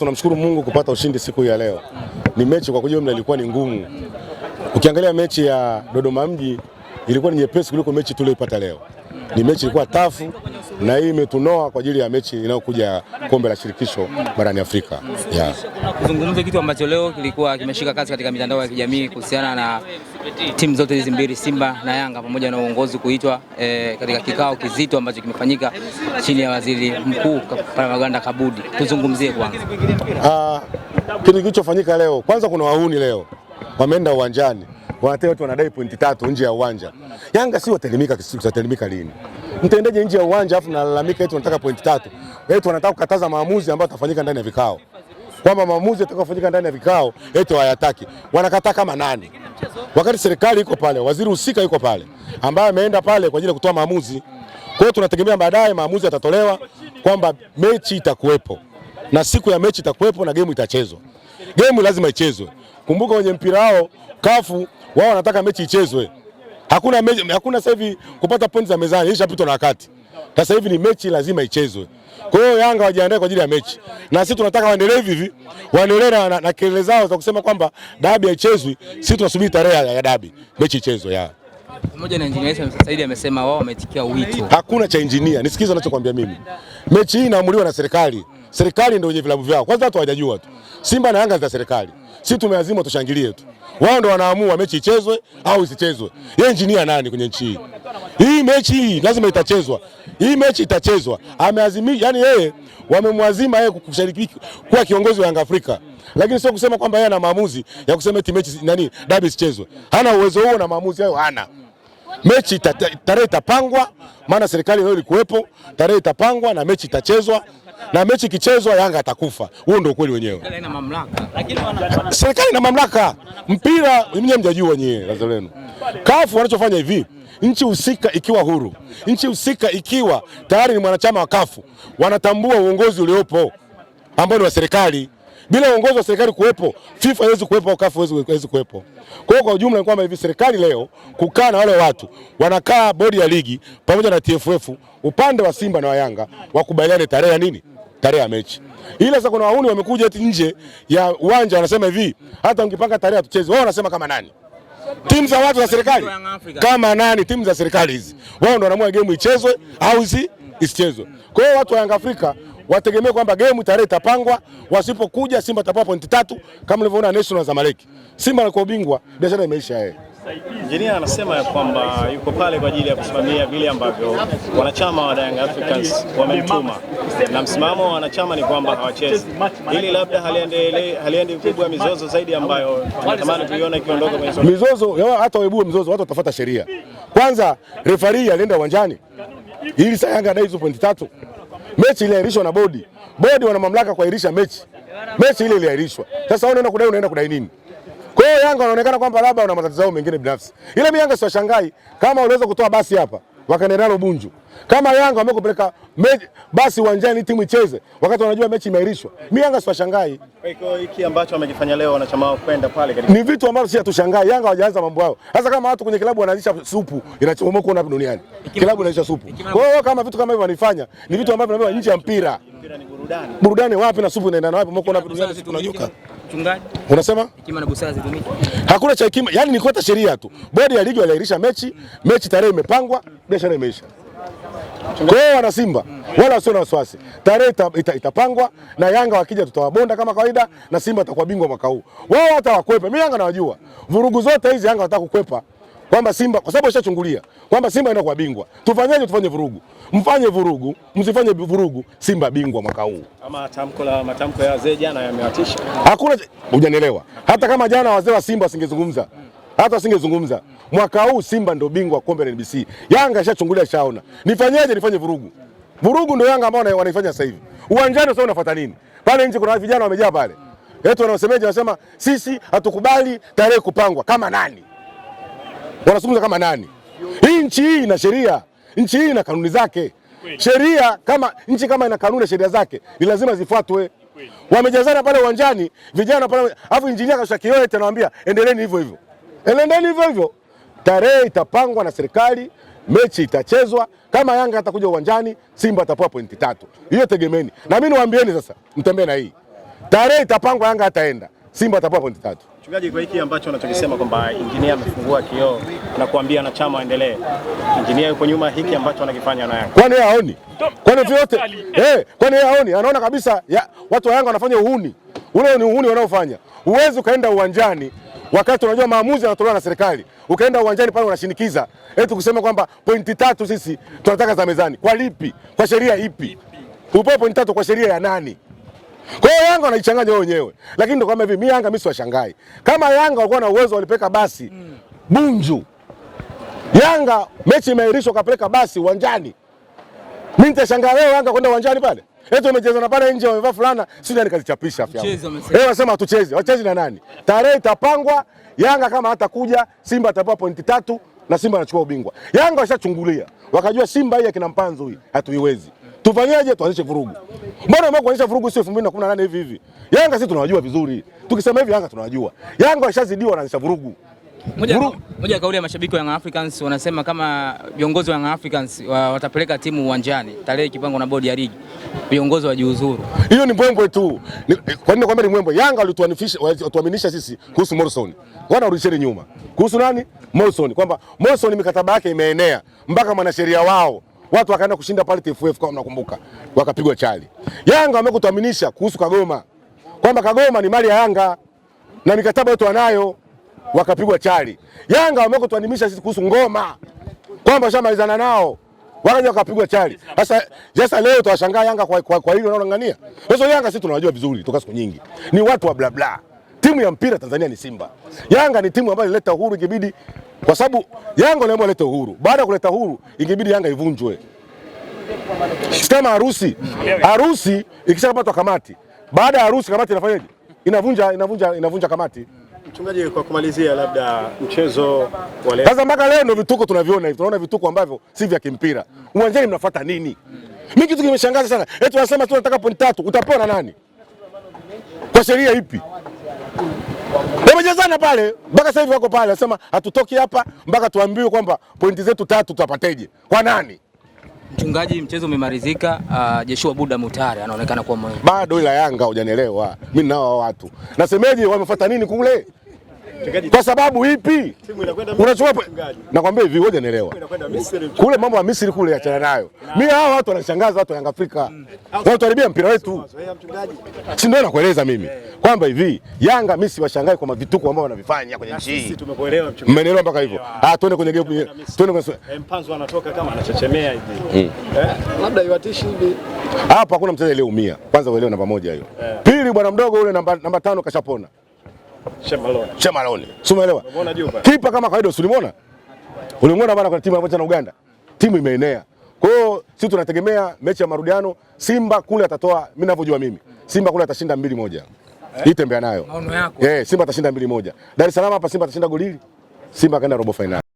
tunamshukuru Mungu kupata ushindi siku ya leo. Ni mechi kwa kujumla ilikuwa ni ngumu. Ukiangalia mechi ya Dodoma Mji ilikuwa ni nyepesi kuliko mechi tuliyopata leo. Ni mechi ilikuwa tafu, na hii imetunoa kwa ajili ya mechi inayokuja kombe la shirikisho barani Afrika. Yeah. Kuzungumza kitu ambacho leo kilikuwa kimeshika kasi katika mitandao ya kijamii kuhusiana na timu zote hizi mbili Simba na Yanga pamoja na uongozi kuitwa e, katika kikao kizito ambacho kimefanyika chini ya waziri mkuu Palamagamba Kabudi. Tuzungumzie kwanza ah, kitu kilichofanyika leo. Kwanza kuna wauni leo wameenda uwanjani, wanataka watu wanadai pointi tatu nje ya uwanja. Yanga si wataelimika, wataelimika lini? mtendeje nje ya uwanja afu nalalamika eti tunataka pointi tatu. Eti wanataka kukataza maamuzi ambayo yatafanyika ndani ya vikao, kwamba maamuzi yatakayofanyika ndani ya vikao eti hayataki. Wanakataa kama nani, wakati serikali iko pale, waziri husika yuko pale, ambaye ameenda pale kwa ajili ya kutoa maamuzi. Kwa hiyo tunategemea baadaye maamuzi yatatolewa kwamba mechi itakuwepo na siku ya mechi itakuwepo na gemu itachezwa. Gemu lazima ichezwe. Kumbuka wenye mpira wao kafu wao wanataka mechi ichezwe Hakuna mechi, hakuna sasa hivi kupata pointi za mezani, ilishapitwa na wakati. Sasa hivi ni mechi lazima ichezwe. Kwa hiyo Yanga wajiandae kwa ajili ya mechi, na sisi tunataka waendelee hivi hivi, waendelee na, na, na kelele zao za kusema kwamba dabi haichezwi. Sisi tunasubiri tarehe ya dabi, mechi ichezwe ya pamoja na engineer Said amesema wao wametikia wito. Hakuna cha engineer, nisikize anachokwambia mimi. Mechi hii inaamuliwa na serikali serikali ndio wenye vilabu vyao. Kwanza watu hawajajua tu Simba na Yanga za serikali, si tumeazimwa tushangilie tu, wao ndio wanaamua mechi ichezwe au isichezwe. Yeye engineer nani kwenye nchi hii? Hii mechi hii lazima itachezwa, hii mechi itachezwa. Ameazimi, yani, yeye wamemwazima yeye kushiriki kuwa kiongozi wa Yanga Afrika, lakini sio kusema kwamba yeye ana maamuzi ya kusema eti mechi nani dabi isichezwe. Hana uwezo huo na maamuzi hayo hana mechi tarehe itapangwa, maana serikali leo ilikuwepo, tarehe itapangwa na mechi itachezwa na mechi ikichezwa Yanga atakufa. Huo ndio ukweli wenyewe. Serikali ina mamlaka mpira, mwenyewe mjajua wenyewe wazalendo. Kafu wanachofanya hivi, nchi husika ikiwa huru, nchi husika ikiwa tayari ni mwanachama wa Kafu, wanatambua uongozi uliopo ambao ni wa serikali. Bila uongozi wa serikali kuwepo, FIFA haiwezi kuwepo au Kafu haiwezi kuwepo. Kwa hiyo kwa ujumla ni kwamba hivi serikali leo kukaa na wale watu wanakaa bodi ya ligi pamoja na TFF upande wa Simba na wa Yanga wakubaliane tarehe ya nini tarehe ya mechi. Ila sasa kuna wahuni wamekuja eti nje ya uwanja wanasema hivi, hata ungepanga tarehe hatuchezi. Wao wanasema kama nani? Timu za watu za serikali. Kama nani timu za serikali hizi? Wao ndio wanaamua game ichezwe au isichezwe. Kwa hiyo watu wa Yanga Afrika wategemee kwamba game tarehe itapangwa, wasipokuja Simba tapata pointi tatu kama mlivyoona National Zamalek. Simba alikuwa bingwa biashara imeisha yeye. Injinia anasema ya kwamba yuko pale kwa ajili ya kusimamia vile ambavyo wanachama wa Young Africans wamemtuma, na msimamo wa wanachama ni kwamba hawachezi, ili labda haliendi kubwa mizozo zaidi ambayo tunatamani kuiona ikiondoka kwenye mizozo yao. hata waibue mizozo, watu watafuata sheria kwanza. referee alienda uwanjani ili sasa Yanga adai hizo pointi tatu. Mechi iliahirishwa na bodi, bodi wana mamlaka kuahirisha mechi. Mechi ile iliahirishwa, sasa unaenda kudai, unaenda kudai nini? leo Yanga wanaonekana kwamba labda wana matatizo yao mengine binafsi. Ile mimi Yanga siwashangai kama unaweza kutoa basi hapa wakaenda nalo Bunju. Kama Yanga wamekupeleka basi uwanjani timu icheze wakati wanajua mechi imeahirishwa. Mimi Yanga siwashangai. Kwa hiki ambacho wamekifanya leo wanachama wao kwenda pale katika ni vitu ambavyo si hatushangai. Yanga hawajaanza mambo yao. Sasa kama watu kwenye klabu wanaanzisha supu inachomoka kuna duniani. Klabu inaanzisha supu. Kwa hiyo kama vitu kama hivyo wanifanya ni vitu ambavyo tunaambiwa nje ya mpira. Mpira ni burudani. Burudani wapi na supu inaendana wapi? Mko na duniani tunajuka. Mchungaji. Unasema? Hekima na busara zitumike. Hakuna cha hekima, yani ni kufuata sheria tu. Bodi ya ligi waliahirisha mechi, mm. mechi tarehe imepangwa, biashara imeisha. Kwa hiyo wana Simba wala wasio na wasiwasi, tarehe ita, ita, itapangwa na Yanga wakija tutawabonda kama kawaida, na Simba atakuwa bingwa mwaka huu. Wao hata wakwepe, mimi Yanga nawajua, vurugu zote hizi Yanga wataka kukwepa kwamba Simba kwa sababu ashachungulia kwamba Simba inaenda kwa bingwa, Tufanyaje? Tufanye vurugu? Mfanye vurugu, msifanye vurugu, Simba bingwa mwaka huu. Ama tamko la matamko ya wazee jana yamewatisha, hakuna hujanielewa. Hata kama jana wazee wa Simba wasingezungumza hata wasingezungumza, mwaka huu Simba ndio bingwa wa kombe la NBC. Yanga ashachungulia ashaona. Nifanyaje? Nifanye vurugu? Vurugu ndio Yanga ambao wanaifanya sasa hivi uwanjani. Sasa unafuata nini pale nje? Kuna vijana wamejaa pale, eti wanaosemeje? Wanasema sisi hatukubali tarehe kupangwa. Kama nani? wanazungumza kama nani? Hii nchi hii ina sheria, nchi hii ina kanuni zake. Sheria kama nchi kama ina kanuni na sheria zake ni lazima zifuatwe. Wamejazana pale uwanjani vijana pale, alafu injinia kashika kioe tena, endeleeni hivyo hivyo, endeleeni hivyo hivyo. Tarehe itapangwa na serikali, mechi itachezwa. Kama Yanga atakuja uwanjani, Simba atapoa pointi tatu, hiyo tegemeni. Na mimi niwaambieni sasa, mtembee na hii tarehe itapangwa, Yanga ataenda, Simba atapoa pointi tatu. Mchungaji, kwa hiki ambacho anachokisema kwamba injinia amefungua kioo na kuambia chama aendelee, injinia yuko nyuma hiki ambacho anakifanya na Yanga, kwani haoni? Kwani vyote eh, kwani haoni? Anaona kabisa ya, watu wa Yanga wanafanya uhuni. Ule ni uhuni wanaofanya. uwezi ukaenda uwanjani wakati unajua maamuzi yanatolewa na serikali, ukaenda uwanjani pale unashinikiza eti kusema kwamba pointi tatu sisi tunataka za mezani. Kwa lipi? Kwa sheria ipi? Upo pointi tatu kwa sheria ya nani? Kwa hiyo Yanga wanaichanganya wao wenyewe. Lakini ndio kama hivi mimi Yanga mimi siwashangai. Kama Yanga walikuwa na uwezo walipeka basi mm. Bunju. Yanga mechi imeahirishwa kapeleka basi uwanjani. Mimi nitashangaa leo Yanga kwenda uwanjani pale. Eti wamecheza na pale nje wamevaa fulana, si ndio nikazichapisha afya. Wewe eh, unasema hatucheze. Wacheze na nani? Tarehe itapangwa, Yanga kama hatakuja, Simba atapewa pointi tatu na Simba anachukua ubingwa. Yanga washachungulia. Wakajua Simba hii akina mpanzo hii hatuiwezi tufanyaje? Tuanzishe vurugu. Mbona mwa kuanzisha vurugu sio 2018 hivi hivi? Yanga sisi tunawajua vizuri, tukisema hivi Yanga tunawajua. Yanga washazidiwa, wanaanzisha vurugu. Moja moja, kauli ya mashabiki wa Young Africans wanasema kama viongozi wa Young Africans wa, watapeleka timu uwanjani tarehe kipango na bodi ya ligi viongozi wajiuzuru. Hiyo ni mbwembwe tu. Kwa nini kwamba ni mbwembwe? Yanga walituaminisha sisi kuhusu Morrison, wana urudisheni nyuma kuhusu nani Morrison, kwamba Morrison mikataba yake imeenea mpaka mwanasheria wao watu wakaenda kushinda pale TFF kama mnakumbuka, wakapigwa chali. Yanga wamekutuaminisha kuhusu Kagoma kwamba Kagoma ni mali ya Yanga na mikataba yote wanayo, wakapigwa chali. Yanga wamekutuaminisha sisi kuhusu Ngoma kwamba shamalizana nao wakaja wakapigwa chali. Sasa sasa leo tutawashangaa Yanga kwa, kwa, kwa hilo unaoangania. Sasa Yanga sisi tunawajua vizuri toka siku nyingi, ni watu wa bla bla timu ya mpira Tanzania ni Simba. Yanga ni timu ambayo ileta uhuru, ingebidi kwa sababu Yanga ndio ileta uhuru. Baada ya kuleta uhuru, ingebidi Yanga ivunjwe. Sistema harusi, harusi ikishapata kamati, baada ya harusi kamati inafanyaje? Inavunja, inavunja, inavunja kamati. Mchungaji, kwa kumalizia, labda mchezo wa leo sasa, mpaka leo ndio vituko tunaviona hivi, tunaona vituko ambavyo si vya kimpira uwanjani. Mnafuata nini? Mimi kitu kimeshangaza sana, eti unasema tu nataka pointi tatu, utapewa na nani? Kwa sheria ipi? wamejazana pale mpaka sasa hivi wako pale, wasema hatutoki hapa mpaka tuambiwe kwamba pointi zetu tatu tutapateje kwa nani. Mchungaji, mchezo umemalizika. Uh, Joshua Buda Mutare anaonekana kuwa bado, ila Yanga hujanielewa mimi nao watu nasemeje, wamefuata nini kule kwa sababu ipi? Unachukua nakwambia hivi, ngoja nielewa. Kule mambo ya Misri kule, achana eh, nayo. Mimi hao watu wanashangaza, watu wa Yanga Afrika mm. tuharibia mpira wetu, si ndio? Nakueleza mimi eh. kwamba hivi Yanga mimi siwashangae kwa mavituko ambao wanavifanya kwenye nchi hii. Mmenielewa mpaka hivyo? Ah, tuende kwenye game, tuende kwenye eh, mpanzo. Anatoka kama anachechemea hivi, mm. Eh? labda iwatishi hivi. Hapa hakuna mchezaji aliyeumia, kwanza uelewe, namba moja hiyo. Pili, bwana mdogo ule namba namba tano kashapona. Shemaloni. Shemaloni. Umeelewa? Kipa kama kawaida usimuona? Ulimuona bana kwa timu ya na Uganda. Timu imeenea. Kwa hiyo sisi tunategemea mechi ya marudiano Simba kule atatoa, mimi ninavyojua mimi. Simba kule atashinda mbili moja. Eh? Hii tembea nayo. Maono yako. Eh, Simba atashinda mbili moja. Dar es Salaam hapa Simba atashinda golili. Simba kaenda robo finali.